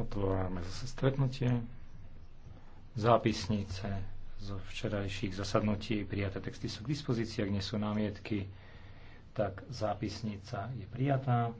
Otvoráme zase stretnutie. Zápisnice zo včerajších zasadnutí prijaté texty sú k dispozícii, ak nie sú námietky, tak zápisnica je prijatá.